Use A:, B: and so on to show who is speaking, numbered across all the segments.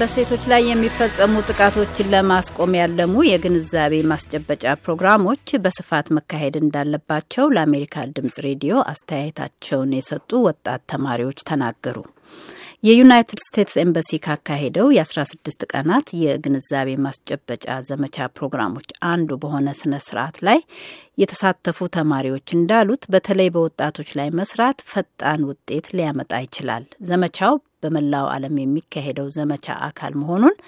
A: በሴቶች ላይ የሚፈጸሙ ጥቃቶችን ለማስቆም ያለሙ የግንዛቤ ማስጨበጫ ፕሮግራሞች በስፋት መካሄድ እንዳለባቸው ለአሜሪካ ድምጽ ሬዲዮ አስተያየታቸውን የሰጡ ወጣት ተማሪዎች ተናገሩ። የዩናይትድ ስቴትስ ኤምባሲ ካካሄደው የ16 ቀናት የግንዛቤ ማስጨበጫ ዘመቻ ፕሮግራሞች አንዱ በሆነ ስነ ስርዓት ላይ የተሳተፉ ተማሪዎች እንዳሉት በተለይ በወጣቶች ላይ መስራት ፈጣን ውጤት ሊያመጣ ይችላል። ዘመቻው በመላው ዓለም የሚካሄደው ዘመቻ አካል መሆኑን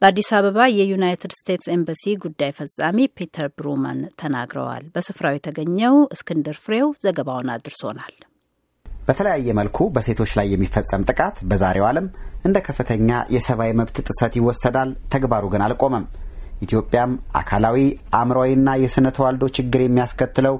A: በአዲስ አበባ የዩናይትድ ስቴትስ ኤምባሲ ጉዳይ ፈጻሚ ፒተር ብሩማን ተናግረዋል። በስፍራው የተገኘው እስክንድር ፍሬው ዘገባውን አድርሶናል። በተለያየ መልኩ በሴቶች ላይ የሚፈጸም ጥቃት በዛሬው ዓለም እንደ ከፍተኛ የሰብአዊ መብት ጥሰት ይወሰዳል። ተግባሩ ግን አልቆመም። ኢትዮጵያም አካላዊ አእምሯዊና የሥነ ተዋልዶ ችግር የሚያስከትለው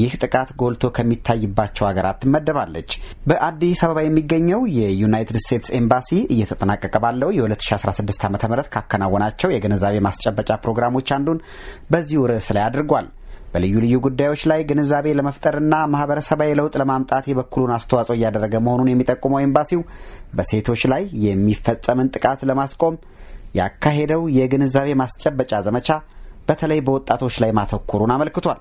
A: ይህ ጥቃት ጎልቶ ከሚታይባቸው ሀገራት ትመደባለች። በአዲስ አበባ የሚገኘው የዩናይትድ ስቴትስ ኤምባሲ እየተጠናቀቀ ባለው የ2016 ዓ ም ካከናወናቸው የግንዛቤ ማስጨበጫ ፕሮግራሞች አንዱን በዚሁ ርዕስ ላይ አድርጓል። በልዩ ልዩ ጉዳዮች ላይ ግንዛቤ ለመፍጠርና ማህበረሰባዊ ለውጥ ለማምጣት የበኩሉን አስተዋጽኦ እያደረገ መሆኑን የሚጠቁመው ኤምባሲው በሴቶች ላይ የሚፈጸምን ጥቃት ለማስቆም ያካሄደው የግንዛቤ ማስጨበጫ ዘመቻ በተለይ በወጣቶች ላይ ማተኮሩን አመልክቷል።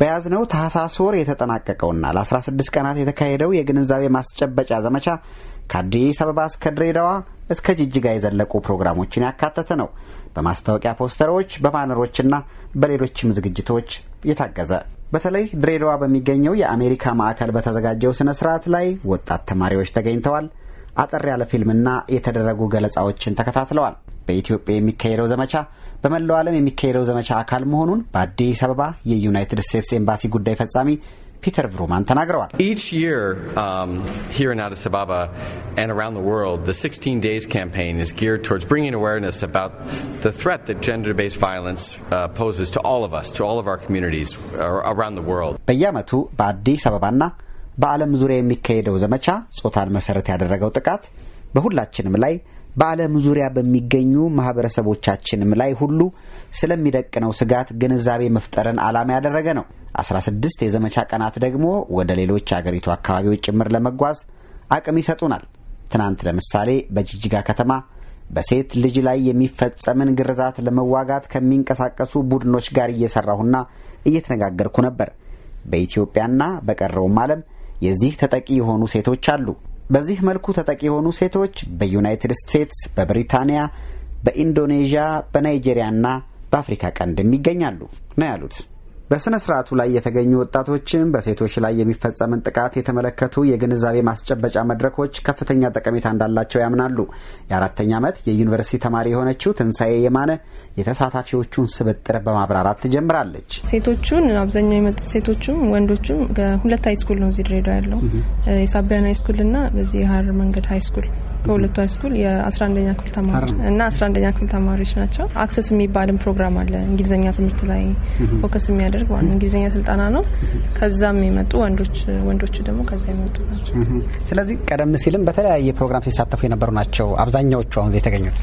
A: በያዝነው ታህሳስ ወር የተጠናቀቀውና ለ16 ቀናት የተካሄደው የግንዛቤ ማስጨበጫ ዘመቻ ከአዲስ አበባ እስከ ድሬዳዋ እስከ ጅጅጋ የዘለቁ ፕሮግራሞችን ያካተተ ነው። በማስታወቂያ ፖስተሮች፣ በባነሮችና በሌሎችም ዝግጅቶች የታገዘ በተለይ ድሬዳዋ በሚገኘው የአሜሪካ ማዕከል በተዘጋጀው ስነ ስርዓት ላይ ወጣት ተማሪዎች ተገኝተዋል። አጠር ያለ ፊልምና የተደረጉ ገለጻዎችን ተከታትለዋል። በኢትዮጵያ የሚካሄደው ዘመቻ በመላው ዓለም የሚካሄደው ዘመቻ አካል መሆኑን በአዲስ አበባ የዩናይትድ ስቴትስ ኤምባሲ ጉዳይ ፈጻሚ Each
B: year um, here in Addis Ababa and around the world, the 16 days campaign is geared towards bringing awareness about the threat that gender based violence uh, poses to all of us, to all of our communities uh, around the world.
A: በሁላችንም ላይ በዓለም ዙሪያ በሚገኙ ማህበረሰቦቻችንም ላይ ሁሉ ስለሚደቅነው ስጋት ግንዛቤ መፍጠርን ዓላማ ያደረገ ነው። 16 የዘመቻ ቀናት ደግሞ ወደ ሌሎች አገሪቱ አካባቢዎች ጭምር ለመጓዝ አቅም ይሰጡናል። ትናንት ለምሳሌ በጅጅጋ ከተማ በሴት ልጅ ላይ የሚፈጸምን ግርዛት ለመዋጋት ከሚንቀሳቀሱ ቡድኖች ጋር እየሰራሁና እየተነጋገርኩ ነበር። በኢትዮጵያና በቀረውም ዓለም የዚህ ተጠቂ የሆኑ ሴቶች አሉ። በዚህ መልኩ ተጠቂ የሆኑ ሴቶች በዩናይትድ ስቴትስ፣ በብሪታንያ፣ በኢንዶኔዥያ፣ በናይጄሪያና በአፍሪካ ቀንድም ይገኛሉ ነው ያሉት። በሥነ ሥርዓቱ ላይ የተገኙ ወጣቶችን በሴቶች ላይ የሚፈጸምን ጥቃት የተመለከቱ የግንዛቤ ማስጨበጫ መድረኮች ከፍተኛ ጠቀሜታ እንዳላቸው ያምናሉ። የአራተኛ ዓመት የዩኒቨርሲቲ ተማሪ የሆነችው ትንሣኤ የማነ የተሳታፊዎቹን ስብጥር በማብራራት ትጀምራለች።
B: ሴቶቹን አብዛኛው የመጡት ሴቶቹም ወንዶቹም ሁለት ሃይስኩል ነው እዚህ ድሬዳዋ ያለው የሳቢያን ሀይስኩልና በዚህ የሀረር መንገድ ሃይስኩል ከሁለቱ ሃይስኩል የ11ኛ ክፍል ተማሪ እና 11ኛ ክፍል ተማሪዎች ናቸው። አክሰስ የሚባልም ፕሮግራም አለ እንግሊዝኛ ትምህርት ላይ ፎከስ የሚያደርግ ዋ እንግሊዝኛ ስልጠና ነው። ከዛም የመጡ ወንዶች ወንዶቹ ደግሞ ከዛ የመጡ ናቸው።
A: ስለዚህ ቀደም ሲልም በተለያየ ፕሮግራም ሲሳተፉ የነበሩ ናቸው አብዛኛዎቹ አሁን የተገኙት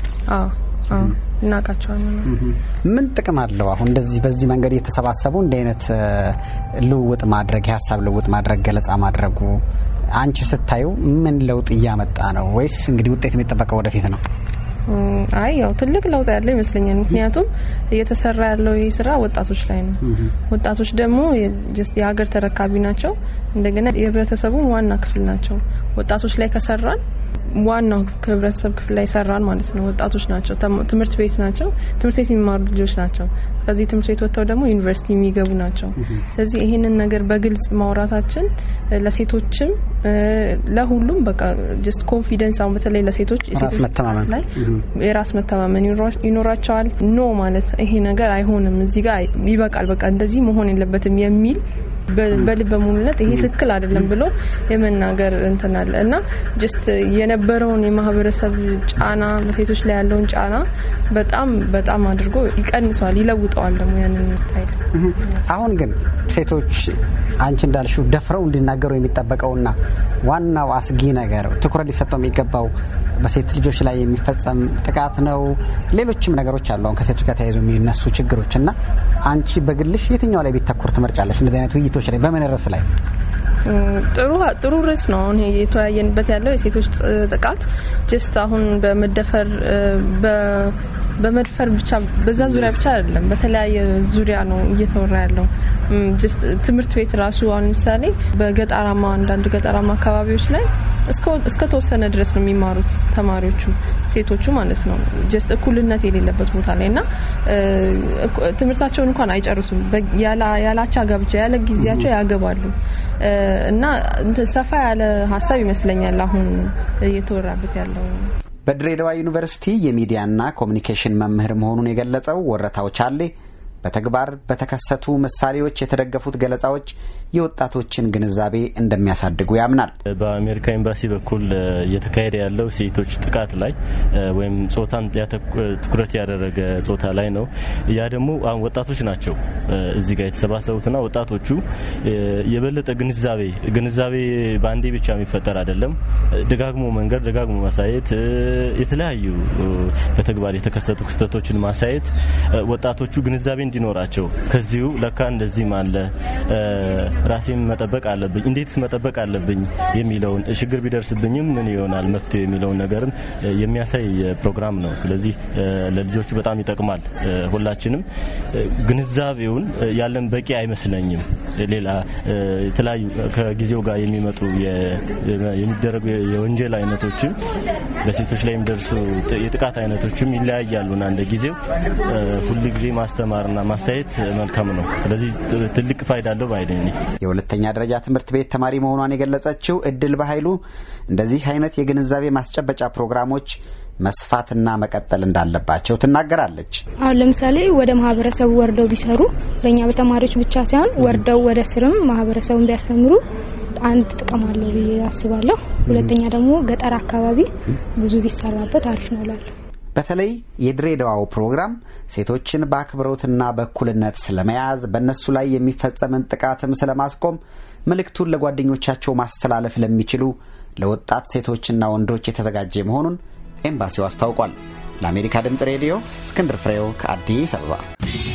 B: እናውቃቸዋለን።
A: ምን ጥቅም አለው አሁን እንደዚህ በዚህ መንገድ እየተሰባሰቡ እንዲህ አይነት ልውውጥ ማድረግ የሀሳብ ልውውጥ ማድረግ ገለጻ ማድረጉ አንቺ ስታዩ ምን ለውጥ እያመጣ ነው? ወይስ እንግዲህ ውጤት የሚጠበቀው ወደፊት ነው?
B: አይ ያው ትልቅ ለውጥ ያለው ይመስለኛል። ምክንያቱም እየተሰራ ያለው ይህ ስራ ወጣቶች ላይ ነው። ወጣቶች ደግሞ የሀገር ተረካቢ ናቸው። እንደገና የህብረተሰቡ ዋና ክፍል ናቸው። ወጣቶች ላይ ከሰራን ዋናው ከህብረተሰብ ክፍል ላይ ሰራን ማለት ነው። ወጣቶች ናቸው፣ ትምህርት ቤት ናቸው፣ ትምህርት ቤት የሚማሩ ልጆች ናቸው። ከዚህ ትምህርት ቤት ወጥተው ደግሞ ዩኒቨርሲቲ የሚገቡ ናቸው። ስለዚህ ይህንን ነገር በግልጽ ማውራታችን ለሴቶችም ለሁሉም በቃ ጀስት ኮንፊደንስ አሁን በተለይ ለሴቶች የራስ መተማመን ይኖራቸዋል። ኖ ማለት ይሄ ነገር አይሆንም፣ እዚህ ጋር ይበቃል፣ በቃ እንደዚህ መሆን የለበትም የሚል በልበ ሙሉነት ይሄ ትክክል አይደለም ብሎ የመናገር እንትን አለ እና ጀስት የነበረውን የማህበረሰብ ጫና በሴቶች ላይ ያለውን ጫና በጣም በጣም አድርጎ ይቀንሰዋል፣ ይለውጠዋል ደግሞ ያንን ስታይል።
A: አሁን ግን ሴቶች አንቺ እንዳልሽው ደፍረው እንዲናገሩ የሚጠበቀውና ዋናው አስጊ ነገር ትኩረት ሊሰጠው የሚገባው በሴት ልጆች ላይ የሚፈጸም ጥቃት ነው። ሌሎችም ነገሮች አሉ አሁን ከሴቶች ጋር ተያይዞ የሚነሱ ችግሮች እና አንቺ በግልሽ የትኛው ላይ ቢተኩር ትመርጫለሽ? እንደዚህ አይነት ውይይት ሴቶች ላይ በምን ርዕስ ላይ?
B: ጥሩ ጥሩ ርዕስ ነው። አሁን የተወያየንበት ያለው የሴቶች ጥቃት ጀስት አሁን በመደፈር በመድፈር ብቻ በዛ ዙሪያ ብቻ አይደለም፣ በተለያየ ዙሪያ ነው እየተወራ ያለው። ትምህርት ቤት ራሱ አሁን ለምሳሌ በገጠራማ አንዳንድ ገጠራማ አካባቢዎች ላይ እስከ ተወሰነ ድረስ ነው የሚማሩት ተማሪዎቹ ሴቶቹ ማለት ነው። ጀስት እኩልነት የሌለበት ቦታ ላይ እና ትምህርታቸውን እንኳን አይጨርሱም። ያላቻ ጋብቻ ያለ ጊዜያቸው ያገባሉ እና ሰፋ ያለ ሀሳብ ይመስለኛል አሁን እየተወራበት ያለው።
A: በድሬዳዋ ዩኒቨርሲቲ የሚዲያና ኮሚኒኬሽን መምህር መሆኑን የገለጸው ወረታው ቻሌ በተግባር በተከሰቱ ምሳሌዎች የተደገፉት ገለጻዎች የወጣቶችን ግንዛቤ እንደሚያሳድጉ ያምናል። በአሜሪካ ኤምባሲ በኩል እየተካሄደ ያለው ሴቶች ጥቃት ላይ ወይም ጾታን ትኩረት ያደረገ ጾታ ላይ ነው። ያ ደግሞ ወጣቶች ናቸው እዚህ ጋር የተሰባሰቡትና ወጣቶቹ የበለጠ ግንዛቤ ግንዛቤ በአንዴ ብቻ የሚፈጠር አይደለም። ደጋግሞ መንገድ ደጋግሞ ማሳየት፣ የተለያዩ በተግባር የተከሰቱ ክስተቶችን ማሳየት ወጣቶቹ ግንዛቤ እንዲኖራቸው ከዚሁ ለካ እንደዚህም አለ ራሴን መጠበቅ አለብኝ፣ እንዴትስ መጠበቅ አለብኝ የሚለውን ችግር ቢደርስብኝም ምን ይሆናል መፍትሄ የሚለውን ነገርም የሚያሳይ ፕሮግራም ነው። ስለዚህ ለልጆቹ በጣም ይጠቅማል። ሁላችንም ግንዛቤውን ያለን በቂ አይመስለኝም። ሌላ የተለያዩ ከጊዜው ጋር የሚመጡ የሚደረጉ የወንጀል አይነቶችም በሴቶች ላይ የሚደርሱ የጥቃት አይነቶችም ይለያያሉና እንደ ጊዜው ሁሉ ጊዜ ማስተማርና ማሳየት መልካም ነው። ስለዚህ ትልቅ ፋይዳ አለው ባይደኝ የሁለተኛ ደረጃ ትምህርት ቤት ተማሪ መሆኗን የገለጸችው እድል በኃይሉ እንደዚህ አይነት የግንዛቤ ማስጨበጫ ፕሮግራሞች መስፋትና መቀጠል እንዳለባቸው ትናገራለች።
B: አሁን ለምሳሌ ወደ ማህበረሰቡ ወርደው ቢሰሩ በእኛ በተማሪዎች ብቻ ሳይሆን ወርደው ወደ ስርም ማህበረሰቡን ቢያስተምሩ አንድ ጥቅም አለው ብዬ አስባለሁ። ሁለተኛ ደግሞ ገጠር አካባቢ ብዙ ቢሰራበት አሪፍ ነው እላለሁ።
A: በተለይ የድሬዳዋው ፕሮግራም ሴቶችን በአክብሮትና በእኩልነት ስለመያዝ በእነሱ ላይ የሚፈጸምን ጥቃትም ስለማስቆም መልእክቱን ለጓደኞቻቸው ማስተላለፍ ለሚችሉ ለወጣት ሴቶችና ወንዶች የተዘጋጀ መሆኑን ኤምባሲው አስታውቋል። ለአሜሪካ ድምፅ ሬዲዮ እስክንድር ፍሬው ከአዲስ አበባ